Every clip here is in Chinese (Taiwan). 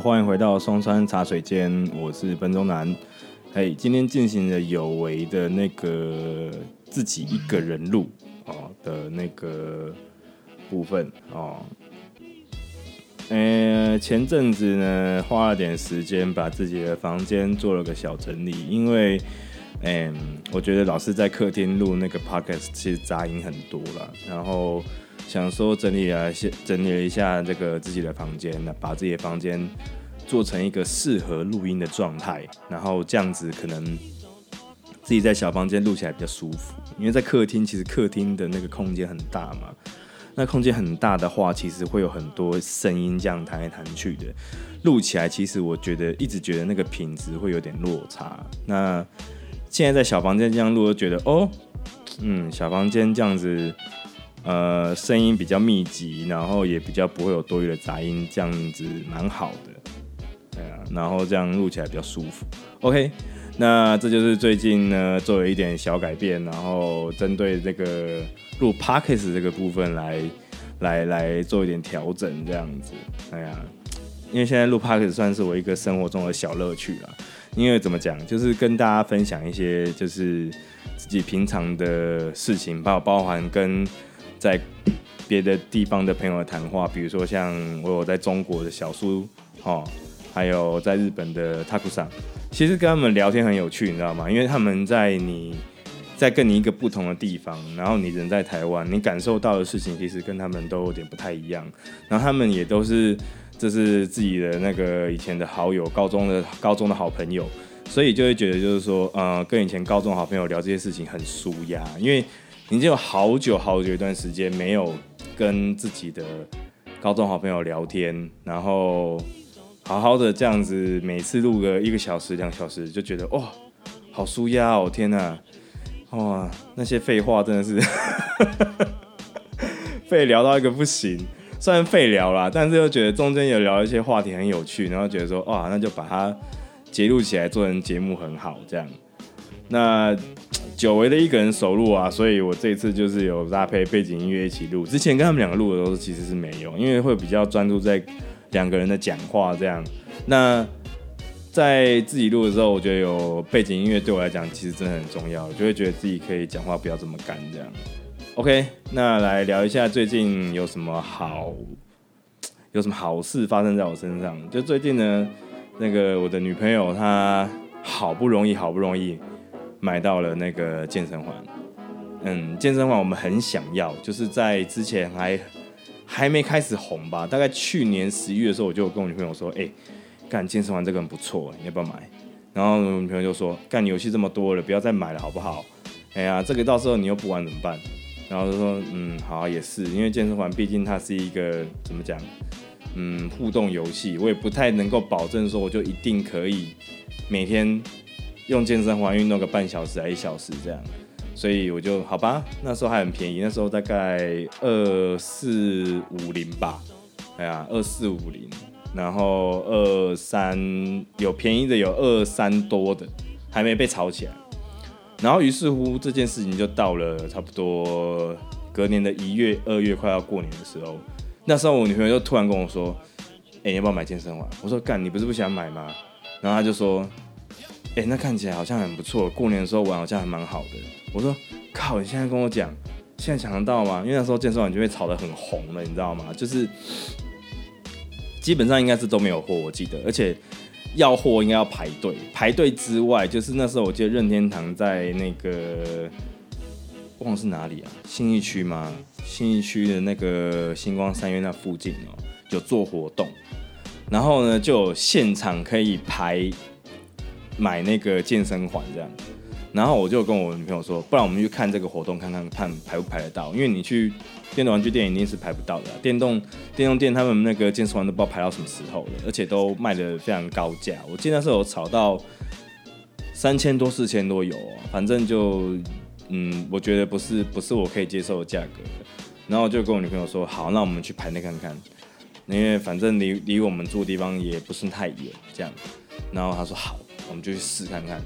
歡迎回到松山茶水間，我是彭中南。哎，今天進行了有為的那個自己一個人錄啊、哦、的那個部分哦。嗯、哎，前陣子呢，花了點時間把自己的房間做了個小整理，因為嗯、哎，我覺得老是在客廳錄那個 podcast，其實雜音很多了。然後。想說整理了一下，先整理了一下這個自己的房間，那把自己的房間做成一個適合錄音的狀態，然後這樣子可能自己在小房間錄起來比較舒服。因為在客廳，其實客廳的那個空間很大嘛，那空間很大的話，其實會有很多聲音這樣彈來彈去的，錄起來其實我覺得一直覺得那個品質會有點落差。那現在在小房間這樣錄，就覺得哦，嗯，小房間這樣子。呃，聲音比較密集，然後也比較不會有多餘的雜音，這樣子蠻好的，對啊，然後這樣錄起來比較舒服。OK，那這就是最近呢，做了一點小改變，然後針對這個錄 Podcast 這個部分來，來來做一點調整，這樣子，哎呀、啊，因為現在錄 Podcast 算是我一個生活中的小樂趣了，因為怎麼講，就是跟大家分享一些就是自己平常的事情，包包含跟。在別的地方的朋友的談話，比如說像我有在中國的小蘇，哈、哦，還有在日本的 Takusan，其實跟他們聊天很有趣，你知道嗎？因為他們在你在跟你一個不同的地方，然後你人在台灣，你感受到的事情其實跟他們都有點不太一樣。然後他們也都是這是自己的那個以前的好友，高中的高中的好朋友，所以就會覺得就是說，呃，跟以前高中的好朋友聊這些事情很舒壓，因為。已經有好久好久一段時間沒有跟自己的高中好朋友聊天，然後好好的這樣子，每次錄個一個小時、兩小時，就覺得哦，好舒壓哦，天吶，啊，哇，那些廢話真的是廢 聊到一個不行，雖然廢聊啦，但是又覺得中間有聊一些話題很有趣，然後覺得說哇，那就把它截錄起來做成節目很好，這樣那。久違的一個人熟錄啊，所以我這一次就是有搭配背景音樂一起錄。之前跟他們兩個錄的時候其實是沒有，因為會比較專注在兩個人的講話這樣。那在自己錄的時候，我覺得有背景音樂對我來講其實真的很重要，就會覺得自己可以講話不要這麼乾這樣。OK，那來聊一下最近有什麼好有什麼好事發生在我身上。就最近呢，那個我的女朋友她好不容易好不容易。買到了那個健身環，嗯，健身環我們很想要，就是在之前還還沒開始紅吧，大概去年十一月的時候，我就跟我女朋友說，哎、欸，幹健身環這個很不錯欸，你要不要買？然後我女朋友就說，幹，遊戲這麼多了，不要再買了好不好？哎、欸、呀、啊，這個到時候你又不玩怎麼辦？然後我就說，嗯，好啊，也是，因為健身環畢竟它是一個怎麼講，嗯，互動遊戲，我也不太能夠保證說我就一定可以每天。用健身環運動個半小時還一小時這樣，所以我就好吧。那時候還很便宜，那時候大概二四五零吧，哎呀，二四五零，然後二三有便宜的，有二三多的，還沒被炒起來。然後於是乎這件事情就到了差不多隔年的一月、二月快要過年的時候，那時候我女朋友就突然跟我說：“哎、欸，要不要買健身環？”我說：“幹，你不是不想買嗎？”然後她就說。誒、欸，那看起來好像很不錯。過年的時候玩好像還蠻好的。我說靠，你現在跟我講，現在想得到嗎？因為那時候健身環已經被炒得很紅了，你知道嗎？就是基本上應該是都沒有貨，我記得，而且要貨應該要排隊。排隊之外，就是那時候我記得任天堂在那個忘了是哪裡啊？信義區嗎？信義區的那個新光三越那附近哦，有做活動，然後呢就現場可以排。買那個健身環這樣，然後我就跟我女朋友說：“不然我們去看這個活動，看看看排不排得到？因為你去電動玩具店一定是排不到的啊，電動電動店他們那個健身環都不知道排到什麼時候了，而且都賣的非常高價。我記得那時候有炒到三千多、四千多有哦，反正就嗯，我覺得不是不是我可以接受的價格的。然後我就跟我女朋友說：好，那我們去排那看看，因為反正離離我們住的地方也不是太遠這樣。然後他說好。”我們就去試看看，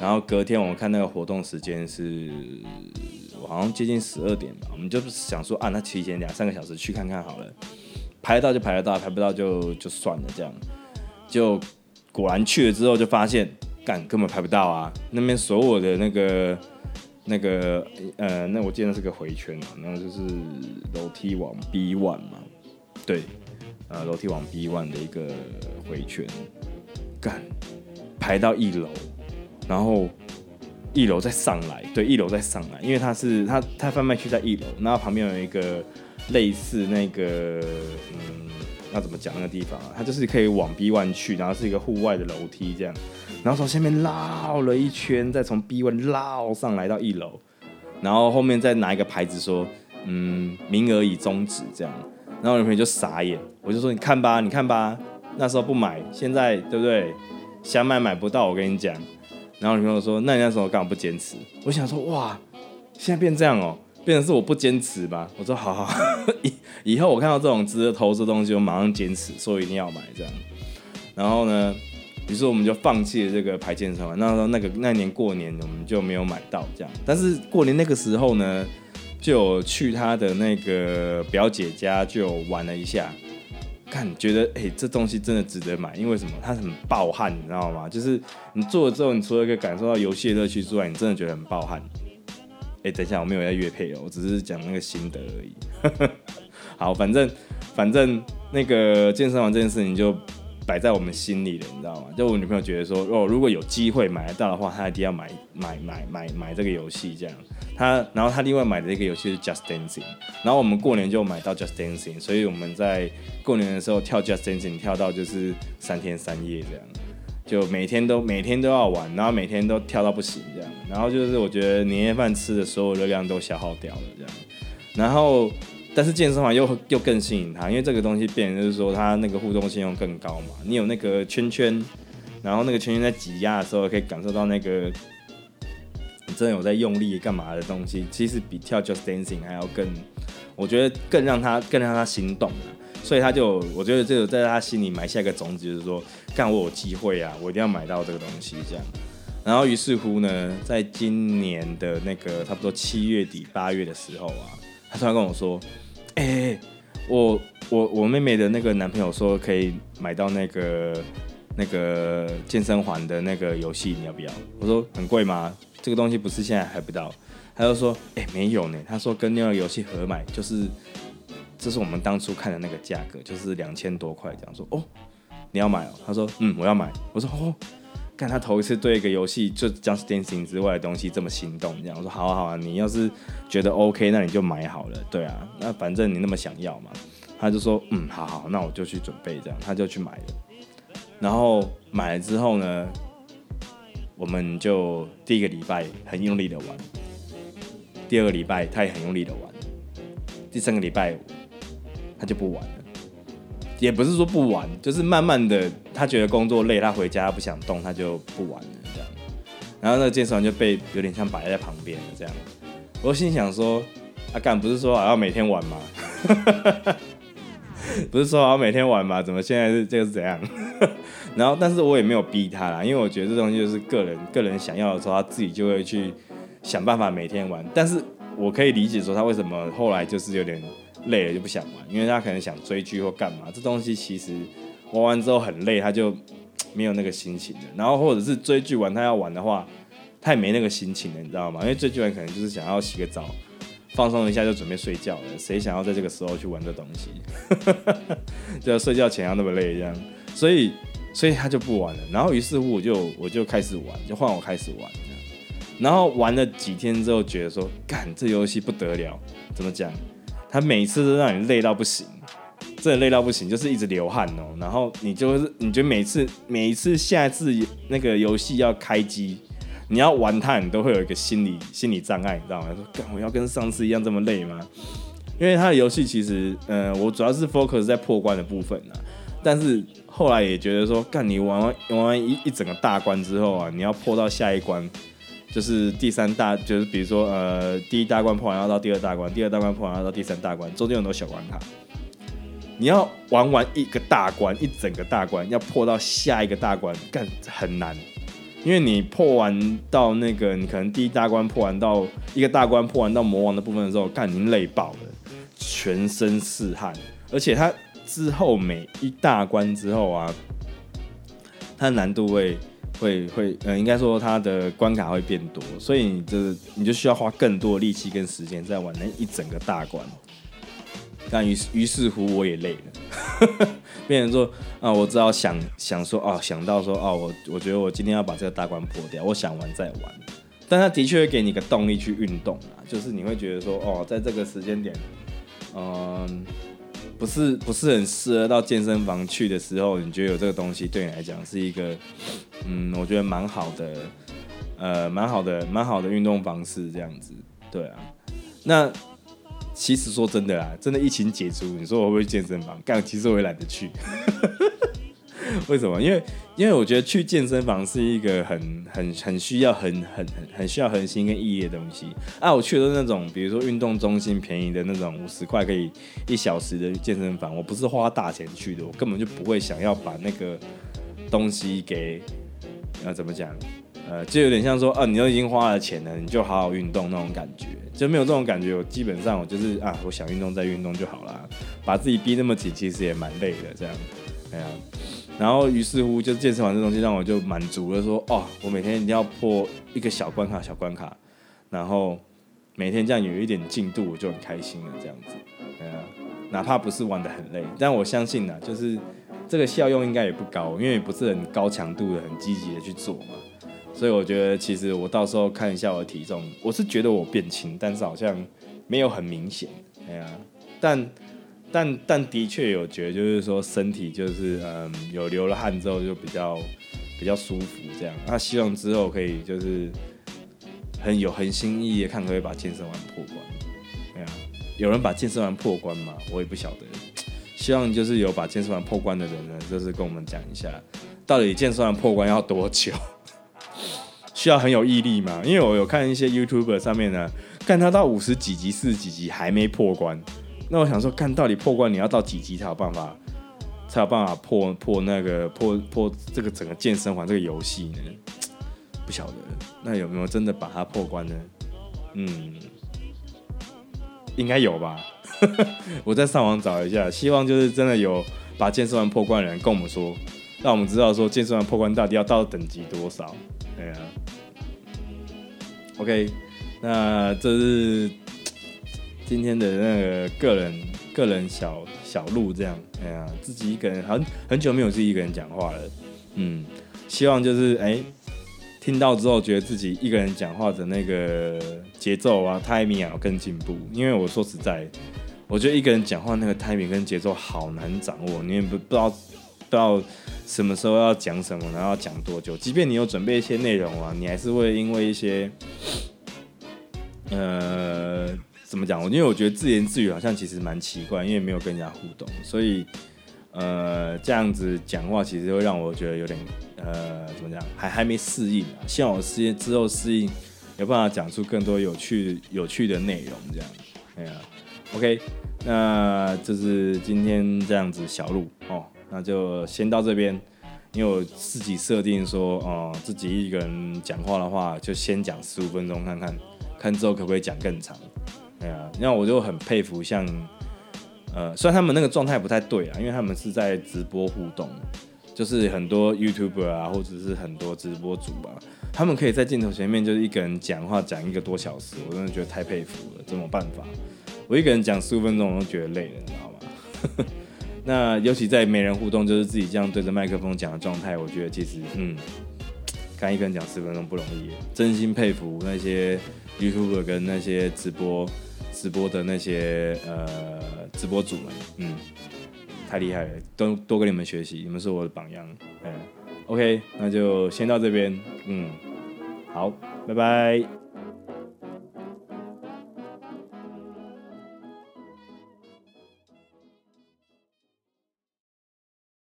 然後隔天我們看那個活動時間是，好像接近十二點吧。我們就想說啊，那提前兩三個小時去看看好了，排得到就排得到，排不到就就算了這樣。就果然去了之後就發現，幹根本排不到啊！那邊所有的那個那個呃，那我記得是個回圈啊，然後就是樓梯往 B one 嘛，對、呃，樓梯往 B one 的一個回圈幹。排到一樓，然後一樓再上來，對，一樓再上來，因為它是它它販賣區在一樓，然後旁邊有一個類似那個，嗯，要怎麼講那個地方啊？它就是可以往 B 1去，然後是一個戶外的樓梯這樣，然後從下面繞了一圈，再從 B 1繞上來到一樓，然後後面再拿一個牌子說，嗯，名額已終止這樣，然後我女朋友就傻眼，我就說你看吧，你看吧，那時候不買，現在對不對？想買買不到，我跟你講。然後女朋友說：“那你那時候幹嘛不堅持？”我想說：“哇，現在變這樣哦、喔，變成是我不堅持吧？”我說：“好好好，呵呵，以以後我看到這種值得投資的東西，我馬上堅持，所以一定要買這樣。”然後呢，於是我們就放棄了這個排健身環。那時候那個那年過年，我們就沒有買到這樣。但是過年那個時候呢，就有去他的那個表姐家就玩了一下。看，覺得哎、欸，這東西真的值得買，因為，為什麼？它很暴汗，你知道嗎？就是你做了之後，你除了可以感受到遊戲的樂趣之外，你真的覺得很暴汗。哎、欸，等一下，我沒有要業配哦，我只是講那個心得而已。 好，反正反正那個健身環這件事情就。擺在我們心裡的，你知道嗎？就我女朋友覺得說，哦，如果有機會買得到的話，她一定要買買買買買這個遊戲這樣。她，然後她另外買的一個遊戲是 Just Dancing，然後我們過年就買到 Just Dancing，所以我們在過年的時候跳 Just Dancing 跳到就是三天三夜這樣，就每天都每天都要玩，然後每天都跳到不行這樣。然後就是我覺得年夜飯吃的所有熱量都消耗掉了這樣。然後。但是健身環又又更吸引他，因為這個東西變成就是說，他那個互動性又更高嘛。你有那個圈圈，然後那個圈圈在擠壓的時候，可以感受到那個你真的有在用力幹嘛的東西，其實比跳 Just Dancing 還要更，我覺得更讓他更讓他心動啊，所以他就，我覺得這個在他心裡埋下一個種子，就是說，幹，我有機會啊，我一定要買到這個東西這樣。然後於是乎呢，在今年的那個差不多七月底八月的時候啊。他突然跟我說：“誒、欸，我我我妹妹的那個男朋友說可以買到那個那個健身環的那個遊戲，你要不要？”我說：“很貴嗎？這個東西不是現在還不到。”他就說：“誒、欸，沒有呢。”他說：“跟那個遊戲合買，就是這是我們當初看的那個價格，就是兩千多塊。”這樣說：“哦，你要買哦？”他說：“嗯，我要買。”我說：“哦。”看他頭一次對一個遊戲，就《Just Dance》之外的東西這麼心動，這樣我說：“好好啊，你要是覺得 OK，那你就買好了。”對啊，那反正你那麼想要嘛。他就說：“嗯，好好，那我就去準備。”這樣他就去買了。然後買了之後呢，我們就第一個禮拜很用力的玩，第二個禮拜他也很用力的玩，第三個禮拜他就不玩。也不是說不玩，就是慢慢的，他覺得工作累，他回家他不想動，他就不玩了這樣。然後那個健身環就被有點像擺在旁邊這樣。我心想說，阿、啊、幹不是說我要每天玩嗎？ 不是說我要每天玩嗎？怎麼現在是、就是、這個是怎樣？ 然後但是我也沒有逼他啦，因為我覺得這東西就是個人，個人想要的時候他自己就會去想辦法每天玩。但是我可以理解說他為什麼後來就是有點。累了就不想玩，因為他可能想追劇或幹嘛。這東西其實玩完之後很累，他就沒有那個心情了。然後或者是追劇玩，他要玩的話，他也沒那個心情了，你知道嗎？因為追劇完可能就是想要洗個澡，放鬆一下就準備睡覺了。誰想要在這個時候去玩這東西？ 就要睡覺前要那麼累這樣，所以所以他就不玩了。然後於是乎我就我就開始玩，就換我開始玩。然後玩了幾天之後，覺得說，幹這遊戲不得了，怎麼講？他每次都讓你累到不行，真的累到不行，就是一直流汗哦、喔。然後你就是，你覺得每次、每一次下一次、下次那個遊戲要開機，你要玩它，你都會有一個心理心理障礙，你知道嗎？說幹我要跟上次一樣這麼累嗎？因為他的遊戲其實，嗯、呃，我主要是 focus 在破關的部分。但是後來也覺得說，幹你玩完玩完一一整個大關之後啊，你要破到下一關。就是第三大，就是比如說，呃，第一大關破完要到第二大關，第二大關破完要到第三大關，中間有很多小關卡。你要玩完一個大關，一整個大關，要破到下一個大關，幹，很難，因為你破完到那個，你可能第一大關破完到一個大關破完到魔王的部分的時候，幹，你已經累爆了，全身是汗，而且它之後每一大關之後啊，它的難度會。會會、呃，應該說它的關卡會變多，所以你這、就是、你就需要花更多的力氣跟時間在玩那一整個大關。但於於是乎我也累了， 變成說啊，我只要想想說啊、哦，想到說啊、哦，我我覺得我今天要把這個大關破掉，我想玩再玩。但他的確會給你個動力去運動啊，就是你會覺得說哦，在這個時間點，嗯、呃。不是不是很適合到健身房去的時候，你覺得有這個東西對你來講是一個，嗯，我覺得蠻好的，呃，蠻好的，蠻好的運動方式這樣子，對啊。那其實說真的啊，真的疫情解除，你說我會不會去健身房？幹，其實我也懶得去。 為什麼？因為因為我覺得去健身房是一個很很很需要很很很很需要恆心跟毅力的東西啊！我去的那種，比如說運動中心便宜的那種五十塊可以一小時的健身房，我不是花大錢去的，我根本就不會想要把那個東西給呃、啊、怎麼講呃，就有點像說啊，你都已經花了錢了，你就好好運動那種感覺，就沒有這種感覺。我基本上我就是啊，我想運動再運動就好了，把自己逼那麼緊，其實也蠻累的。這樣，哎呀。然後，於是乎就健身環這東西，讓我就滿足了，說哦，我每天一定要破一個小關卡、小關卡，然後每天這樣有一點進度，我就很開心了，這樣子、啊，哪怕不是玩得很累，但我相信呢、啊，就是這個效用應該也不高，因為不是很高強度的、很積極的去做嘛，所以我覺得其實我到時候看一下我的體重，我是覺得我變輕，但是好像沒有很明顯，哎呀、啊，但。但但的確有覺得，就是說身體就是嗯，有流了汗之後就比較比較舒服這樣。那希望之後可以就是很有恆心毅力，的看可、可以把健身環破關。對啊，有人把健身環破關嗎？我也不曉得。希望就是有把健身環破關的人呢，就是跟我們講一下，到底健身環破關要多久？ 需要很有毅力嗎？因為我有看一些 YouTuber 上面呢，看他到五十幾集、四十幾集還沒破關。那我想說，看到底破關你要到幾級才有辦法，才有辦法破破那個破破這個整個健身環這個遊戲呢？不曉得，那有沒有真的把它破關呢？嗯，應該有吧。 我在上網找一下，希望就是真的有把健身環破關的人跟我們說，讓我們知道說健身環破關到底要到等級多少。對呀、啊、OK，那這是。今天的那個個人個人小小路這樣，哎呀、啊，自己一個人很很久沒有自己一個人講話了，嗯，希望就是哎、欸，聽到之後覺得自己一個人講話的那個節奏啊、timing 啊，更進步。因為我說實在，我覺得一個人講話那個 timing 跟節奏好難掌握，你也不不知道不知道什麼時候要講什麼，然後要講多久。即便你有準備一些內容啊，你還是會因為一些，呃。怎麼講？我因為我覺得自言自語好像其實蠻奇怪，因為沒有跟人家互動，所以呃這樣子講話其實會讓我覺得有點呃怎麼講，還還沒適應啊。希望我適應之後適應，有辦法講出更多有趣有趣的內容。這樣，對啊，OK，那就是今天這樣子小路，小鹿哦，那就先到這邊，因為我自己設定說哦，自己一個人講話的話，就先講十五分鐘看看，看之後可不可以講更長。哎呀、啊，那我就很佩服像，像呃，雖然他們那個狀態不太對啊，因為他們是在直播互動，就是很多 YouTuber 啊，或者是很多直播主啊，他們可以在鏡頭前面就是一個人講話講一個多小時，我真的覺得太佩服了，這麼辦法？我一個人講十五分鐘我都覺得累了，你知道嗎？ 那尤其在沒人互動，就是自己這樣對着麥克風講的狀態，我覺得其實嗯，剛一個人講十分鐘不容易，真心佩服那些 YouTuber 跟那些直播。直播的那些呃、，直播主們，嗯，太厲害了，都多、多跟你們學習，你們是我的榜樣，嗯，OK，那就先到這邊，嗯，好，拜拜。